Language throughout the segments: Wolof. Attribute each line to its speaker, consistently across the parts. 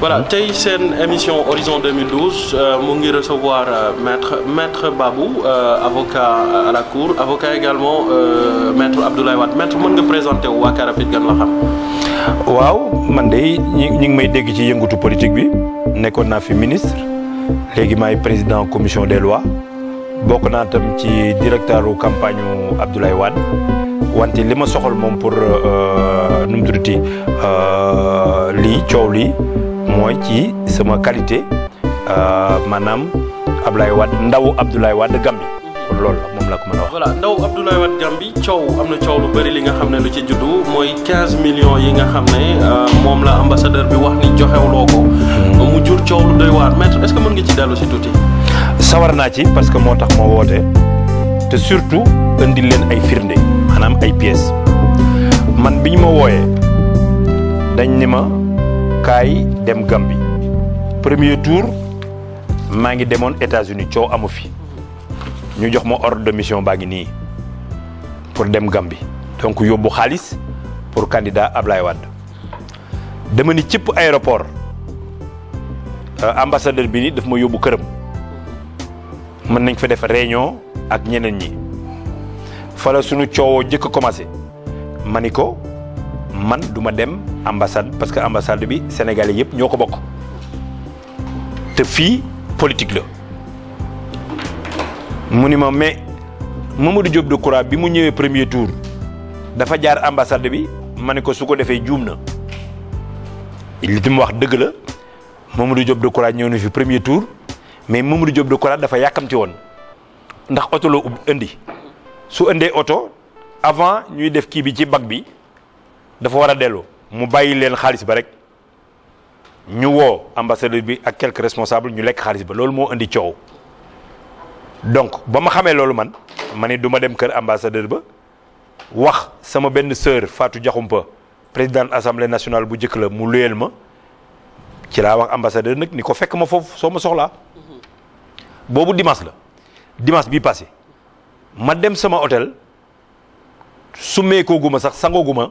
Speaker 1: voilà c'est une émission Horizon 2012 Nous euh, ngi recevoir euh, maître maître Babou euh, avocat à la cour avocat également maître Abdoulaye Wade maître mën présenter présenter wu waa la xam. waaw man de
Speaker 2: ñi may dégg ci politique bi suis fi ministre président de président commission des lois suis naa directeur De la campagne Abdoulaye Wade suis li ma soxal pour euh, nous tuddati moy ci sama qualité euh manam Ablaye wad ndaw Abdoulaye wad Gambi lool la mom la ko mën wax. voilà
Speaker 1: ndaw Abdoulaye wad Gambi ciow amna ciow lu bari li nga xamné lu ci juddou moy 15 millions yi nga xamné uh, mom la ambassadeur bi wax ni joxewloo loko hmm. mu jur ciow lu doy war maître est ce que mën nga ci dalu ci touti
Speaker 2: sawar naa ci parce que motax mo wote te surtout indi len ay firnde manam ay pièces man biñ ma woyé dañ ni ma kai dem gambi premier tour ma ngi demone états-unis cho amu fi ñu jox mo ordre de mission ba ngi ni pour dem gambi donc yobbu khalis pour candidat Ablaye Wade dama ni cipp aéroport euh, ambassadeur bi ni daf ma yobbu kërëm man nañ fa def réunion ak ñeneen ñi fa la sunu coowoo jëk commencé maniko. man duma dem ambassade parce que ambassade bi sénégalais yépp ñoko ko bokk te fi politique la Moni ma mais Mamadou Diop Decroix bi mu ñëwé premier tour dafa jaar ambassade bi maniko ne ko su Il defee wax deug la Mamadou Diop Decroix ñëw na fi premier tour mais Mamadou Diop Decroix dafa yàkkamti won ndax auto lo indi su indee auto avant ñuy def ki bi ci bag bi dafa war a dellu mu bàyyi leen xaalis ba rek ñu woo ambassadeur bi ak quelques responsables ñu lekk xaalis ba loolu moo indi coow donc ba ma xamee loolu man ma ne du ma dem kër ambassadeur ba wax sama benn sœur Fatou Diakhoumpa président assemblée nationale bu njëkk la mu luyeel ma ci laa wax ambassadeur nag ni ko fekk ma foofu soo ma soxlaa boobu dimanche la dimanche bii passé ma dem sama hôtel summeekooguma sax sangooguma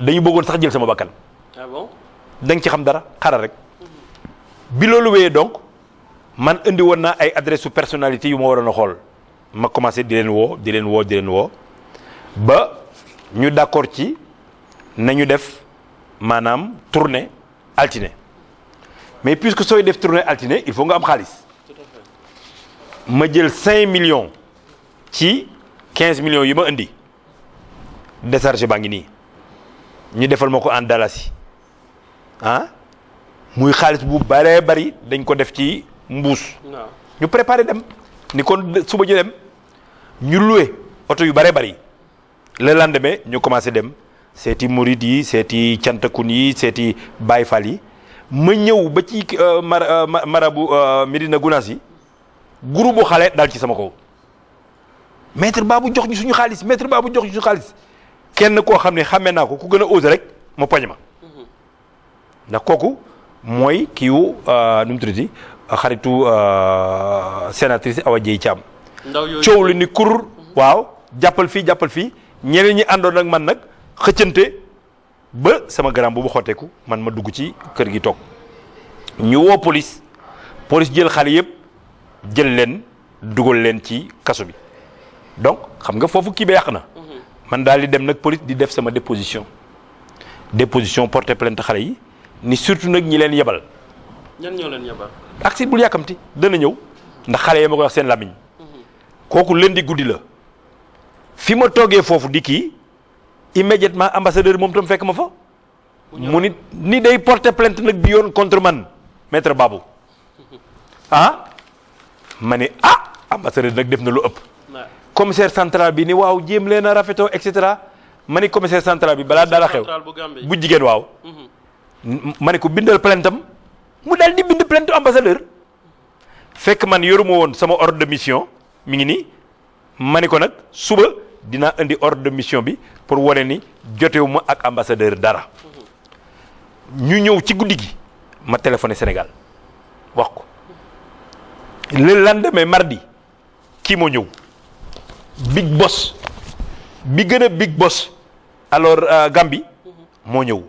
Speaker 2: dañu bëggoon sax jël sama bakkan. ah bon da nga ci xam dara xara rek. bi loolu wéyee donc man indi woon naa ay adresse su personnalité yu ma waroon a xool ma commencé di leen woo di leen woo di leen woo ba ñu d'accord ci nañu def maanaam tournée altine mais puisque sooy def tournée altine il faut nga am xaalis ma jël 5 millions ci 15 millions yi ma indi décharge baa ngi nii ñu défal mako ko en dalasi ah muy xaalis bu bare bari dañ ko def ci mbuus. ñu préparer dem ni kon suba ñu dem ñu loué auto yu bare bari le lendemain ñu commencé dem seeti murid yi seeti cantakun yi seeti bayfal yi ma ñëw ba ci euh, euh, marabu euh, Medina Gunaas yi groupe bu xale daal ci sama ko maître babu jox ñu suñu xaalis maître babu jox ñu suñu xaalis. kenn koo xam ne xàmmee naa ko ku gën a osé rek ma poñ ma ndax kooku mooy kiiwu euh, nu mu tuddati xaritu euh, sénatrice Awa Dieye Thiam coow li ni kur waaw jàppal fii jàppal fi ñeneen ñi àndoon ak man nag xëccante ba sama garam boobu bu xotteeku man ma dugg ci kër gi toog ñu woo police police jël xale yëpp jël leen dugal leen ci kaso bi donc xam nga foofu kii ba yàq na man daal di dem nag police di def sama déposition déposition porté plainte xale yi ni surtout nag ñi leen yebal.
Speaker 1: ñan ñoo leen yebal.
Speaker 2: ak si bul yàkkamti dana ñëw ndax xale yi ma koy wax seen lamiñ mhm. kooku leen di guddi la fi ma toogee foofu di kii immédiatement ambassadeur moom tam fekk ma fa. mu nit ni day porté plainte nag bi yoon contre man maître babu mhm. ah ma ah ambassadeur nag def na lu ëpp. commissaire central bi ni waaw jéem leen a rafetoo et commissaire central bi balaa dara xew bu jigéen waaw mhm. ma ni ko bindal plaintam mu daal di bind plainte ambassadeur fekk man yoruma sama ordre de mission mi ngi nii ma ko nag suba dina andi ordre de mission bi pour wane ni jotewuma ak ambassadeur dara mhm. ñu ñëw ci guddi ma téléphoné Sénégal wax ko le lendemain mardi kii big boss bi gëna big boss alors euh, gambi mo ñëw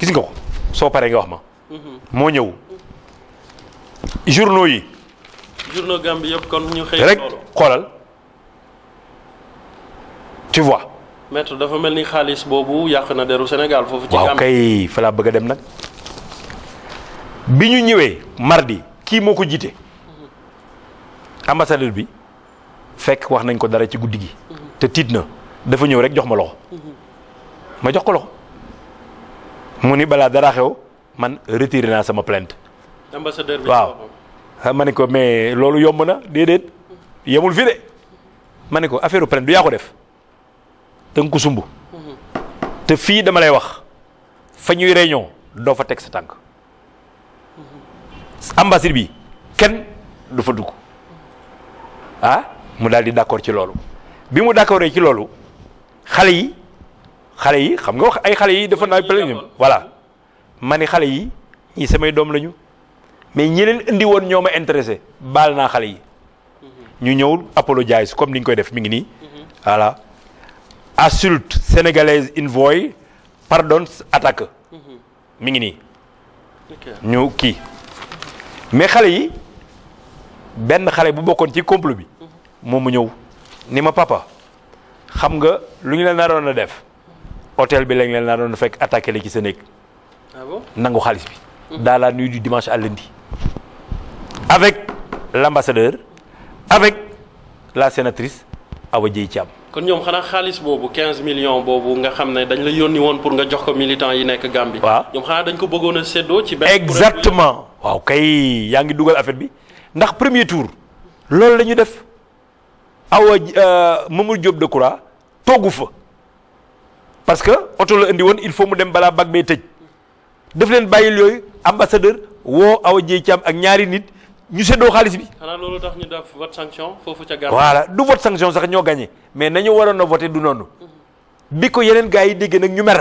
Speaker 2: gis nga ko soo paree nga wax ma. Mhm. mo ñëw journaux yi.
Speaker 1: journaux Gambie yëpp kon ñu xëy rek xolal tu vois. maître dafa melni xaliss bobu boobu na deru Sénégal fofu ci Gambie wa
Speaker 2: kay fa la bëgg dem nak bi ñu ñëwee mardi ki moko jité jiite mhm. ambassadeur bi fait wax nañ ko dara ci guddi gi. te tiit dafa rek jox ma loxo. ma jox ko loxo man retiré plainte.
Speaker 1: ambassadeur ah,
Speaker 2: mais na dit fi de ma ne ko affaire plainte du ya ko def da un ko mhm. te dama lay wax fa ñuy réunion doo fa teg sa mhm. du fa ah. mu daal di d'accord ci loolu bi mu d'accordee ci loolu xale yi xale yi xam nga wax ay xale yi dafa naa plaignum voilà ma ni xale yi ñii samay doom lañu mais ñi leen indi woon ñoo ma intéressé baal naa xale yi ñu ñëw apologize comme ni ñu koy def mu ngi nii voilà insulte sénégalaise envoie pardon attaque mi ngi nii ñu kii mais xale yi benn xale bu bokkoon ci complot bi moom mu ñëw ni ma papa xam nga lu ñu leen naroon a def hôtel bi lañ leen naroon a fekk attaqué la ci sa néeg ah nangu xaalis bi hum. dans la nuit du dimanche à lundi avec l'ambassadeur avec la sénatrice Awa Dieye Thiam
Speaker 1: kon ñoom xanaa xaalis boobu 15 millions boobu nga xam ne dañ la yónni woon pour nga jox ko militants yi nekk Gambie. waaw ñoom xanaa dañ ko bëggoon a séddoo ci benn
Speaker 2: exactement waaw kay yaa ngi dugal affaire bi ndax premier tour loolu la ñu def awa euh, Mamadou Diop Decroix toogu fa parce que oto la indi woon il faut mu dem balaa bag bay tëj def leen bàyyil yooyu ambassadeur woo awa Dieye Thiam ak ñaari nit ñu seddoo xaalis bi.
Speaker 1: xanaa loolu tax ñu def vote foofu ca. voilà
Speaker 2: du vote sanction sax ñoo gagné mais nañu waroon a voté du noonu. bi ko yeneen gaa yi dégg nag ñu mer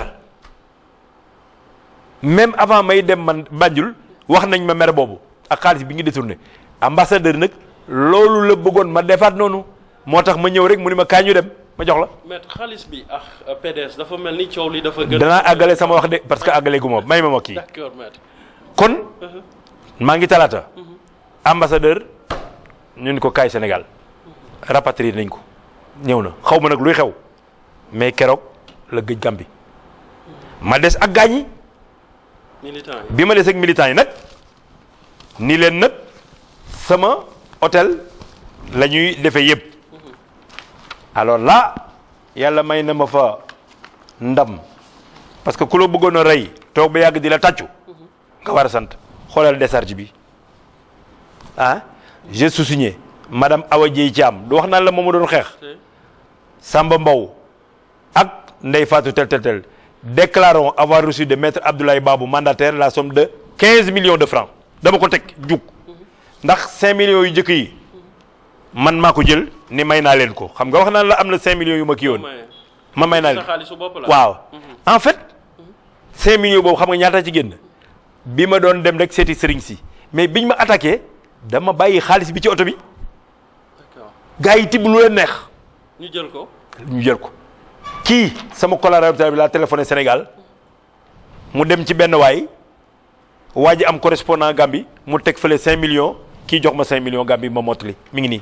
Speaker 2: même avant may dem man Banjul wax nañ ma mer boobu ak xaalis bi ngi détourné ambassadeur nag loolu la bëggoon ma defaat noonu. motax ma ñew rek mu ni ma kañu dem ma jox la
Speaker 1: met xaliss bi ak ah, PDS dafa melni ciow li dafa gën dana agalé sama
Speaker 2: wax de parce que agalé guma may ma mokki d'accord met kon uh-huh. ma ngi talata uh-huh. ambassadeur ñun ko kay Sénégal rapatrier nañ ko ñew na xawma nak luy xew mais kérok la gëj gambi ma dess ak gañi
Speaker 1: militant bi
Speaker 2: ma dess ak militant yi nak ni len nak sama hôtel lañuy défé yépp alors là yalla may na ma fa ndam parce que ku bëggono a rey toog ba yag di la tàccu nga wara a sant xoolal décharge bi ah j'ai sousigné madame Awa diam do du wax naan la moom ma doon xeex Samba mbaw ak Ndeye Fatou tel déclarons avoir reçu de maître Abdoulaye Babou mandataire la somme de 15 millions de francs dama ko tek juk mhm. ndax 5 millions yu francs. yi man maa ko jël ni may naa leen ko xam nga wax naan la am 5 millions yu ma ki yoon
Speaker 1: ma may naa waaw mhm.
Speaker 2: en fait 5 millions boobu xam nga ñaata ci génn bi doon dem rek seti sëriñ si mais biñ ma attaqué dama bàyyi xaalis bi ci oto bi gars yi tibb lu leen neex ñu jël ko ñu jël ko kii sama collaborateur bi laa téléphoné Sénégal mu dem ci benn waay waa am correspondant Gambie mu teg fële 5 millions Ki jox ma 5 millions Gambi ma motli. mi ngi nii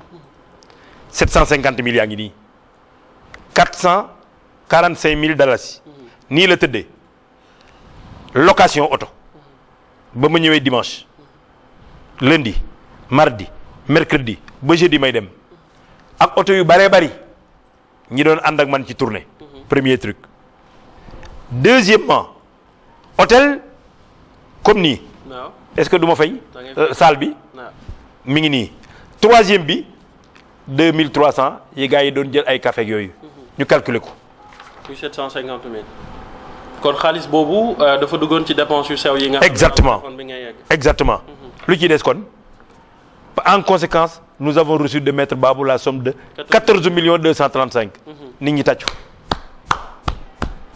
Speaker 2: 750 millions 445 000 dollars. Ni location auto. ba ma dimanche lundi mardi mercredi jeudi may dem ak yu bari bari ñi doon and ak man ci mhm. premier truc deuxièmement hôtel comme est-ce que vous fay. Euh, salle bi mi troisième bi. 2300 yi y yi doon jël ay café yooyu ñu calculé ko
Speaker 1: 750 000 kon xaalis boobu euh, dafa duggoon ci dépense yu sew yi nga exactement
Speaker 2: exactement mhm. lu ci des kon en conséquence nous avons reçu de maître babu la somme de 14 millions 235 mhm. nit ñi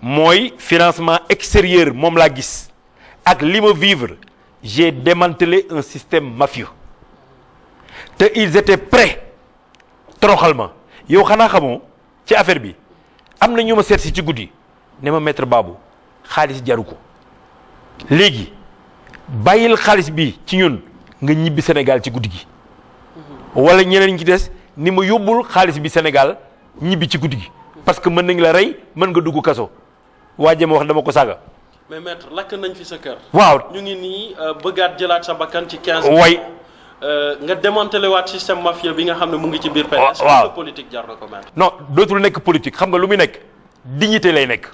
Speaker 2: Moi, financement extérieur mon la gis li vivre j'ai démantelé un système mafieux ils étaient prêts troxalma Et yow xana xamo ci affaire bi amna ñuma ci maître Babou Khalis Khalis bi ci ñun nga Sénégal ci goudi gi wala ñeneen ci dess ni ma bi Sénégal ci gi parce que la rey nga waje ma wax dama ko saga
Speaker 1: mais maître lak nañ fi sa cœur waaw ñu ngi ni euh, bëggaat jëlaat sa bakkan ci 15. way euh, nga démanteler waat système mafia bi nga xam mu ngi ci biir. PDS politique jar ko maître.
Speaker 2: non dootul nek politique xam nga lu mi nek dignité lay nek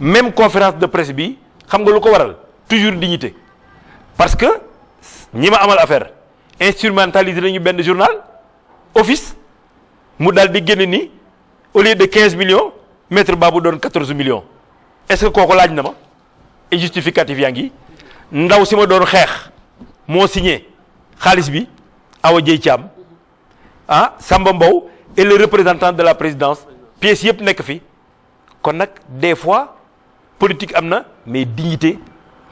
Speaker 2: même conférence de presse bi xam nga lu ko waral toujours dignité parce que ñi ma amal affaire instrumentaliser nañu benn journal office mu dal di génné ni au lieu de 15 millions maître Babou donne 14 millions est-ce que kooku laaj na ma et justificatif yangi ndaw si ma doon xeex moo signé xaalis bi Awa Dieye ah Samba et le représentant de la présidence pièces yëpp nek fi kon nak des fois politique amna mais dignité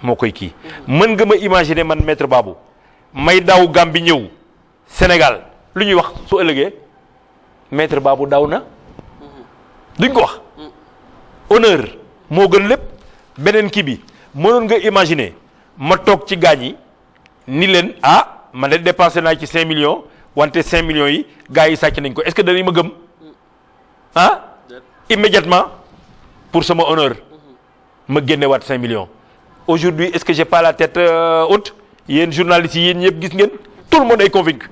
Speaker 2: mokoy ki man nga ma imaginer man maître Babou may daw Gambie ñew Sénégal lu ñuy wax su ëllëgee maître Babou daw na duñ ko wax mm. honneur mo gën lépp beneen kii bi mënoon nga imaginer ma toog ci gaañ yi ni leen ah ma de dépensé naa ci 5 millions wante 5 millions yi gars yi sàcc nañ ko est-ce que danañ ma gëm ah immédiatement pour sama honneur mm-hmm. ma gagné 5 millions aujourd'hui est-ce que j'ai pas la tête euh, haute yéen journalistes yi yéen ñëpp gis ngeen tout le monde est convaincu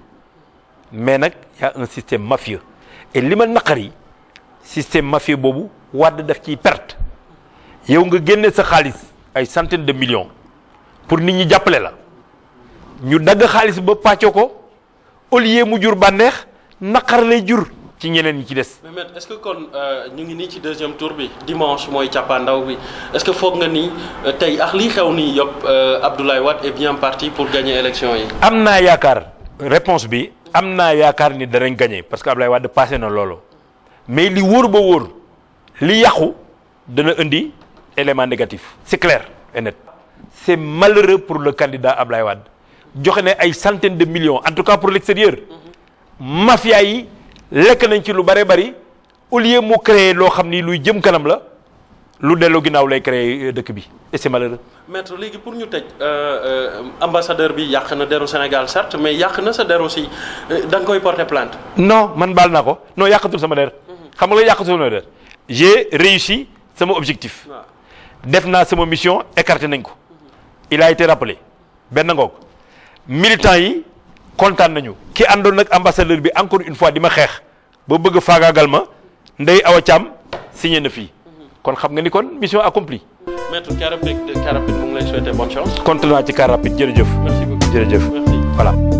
Speaker 2: mais il y a un système mafieux et li ma naqari système mafieux boobu Wade daf ciy perte yow nga génne sa xaalis ay centaines de millions pour nit ñi jàppale la ñu dagg xaalis ba pàccoo ko au lieu mu jur bànneex naqar lay jur
Speaker 1: ci ñeneen ñi ci des. mais maître est-ce que kon euh, ñu ngi nii ci deuxième tour bi dimanche mooy càppaandaw bi est-ce que foog nga ni euh, tey ak lii xew nii yëpp euh, Abdoulaye Wade est bien partie pour gagner élection yi.
Speaker 2: am naa yaakaar réponse bi am naa yaakaar ni danañ gagner parce que Abdoulaye Wade passé na loolu mais li wóor ba li yàqu indi. élément négatif c'est clair et net c'est malheureux pour le candidat Ablaye Wade joxe ne ay centaines de millions en tout cas pour l'extérieur mafia yi lekk nañ ci lu bare bari au lieu de créer ce xam ni luy jëm kanam la lu delloo ginnaaw lay euh, et c'est malheureux.
Speaker 1: maître léegi pour ñu l'ambassadeur euh, ambassadeur bi yàq na au Sénégal certes mais il na sa aussi euh, da nga koy porter plainte.
Speaker 2: non man baal naa des non yàqatul sama der. xam nga la yàqatul des j'ai réussi c'est mon objectif defna ma mission écarté il a été rappelé Les militants militant yi nañu ki ambassadeur encore une fois je ma chère, bëgg ndey awa mission accomplie.
Speaker 1: maître rapide vous
Speaker 2: rapide bonne chance. merci beaucoup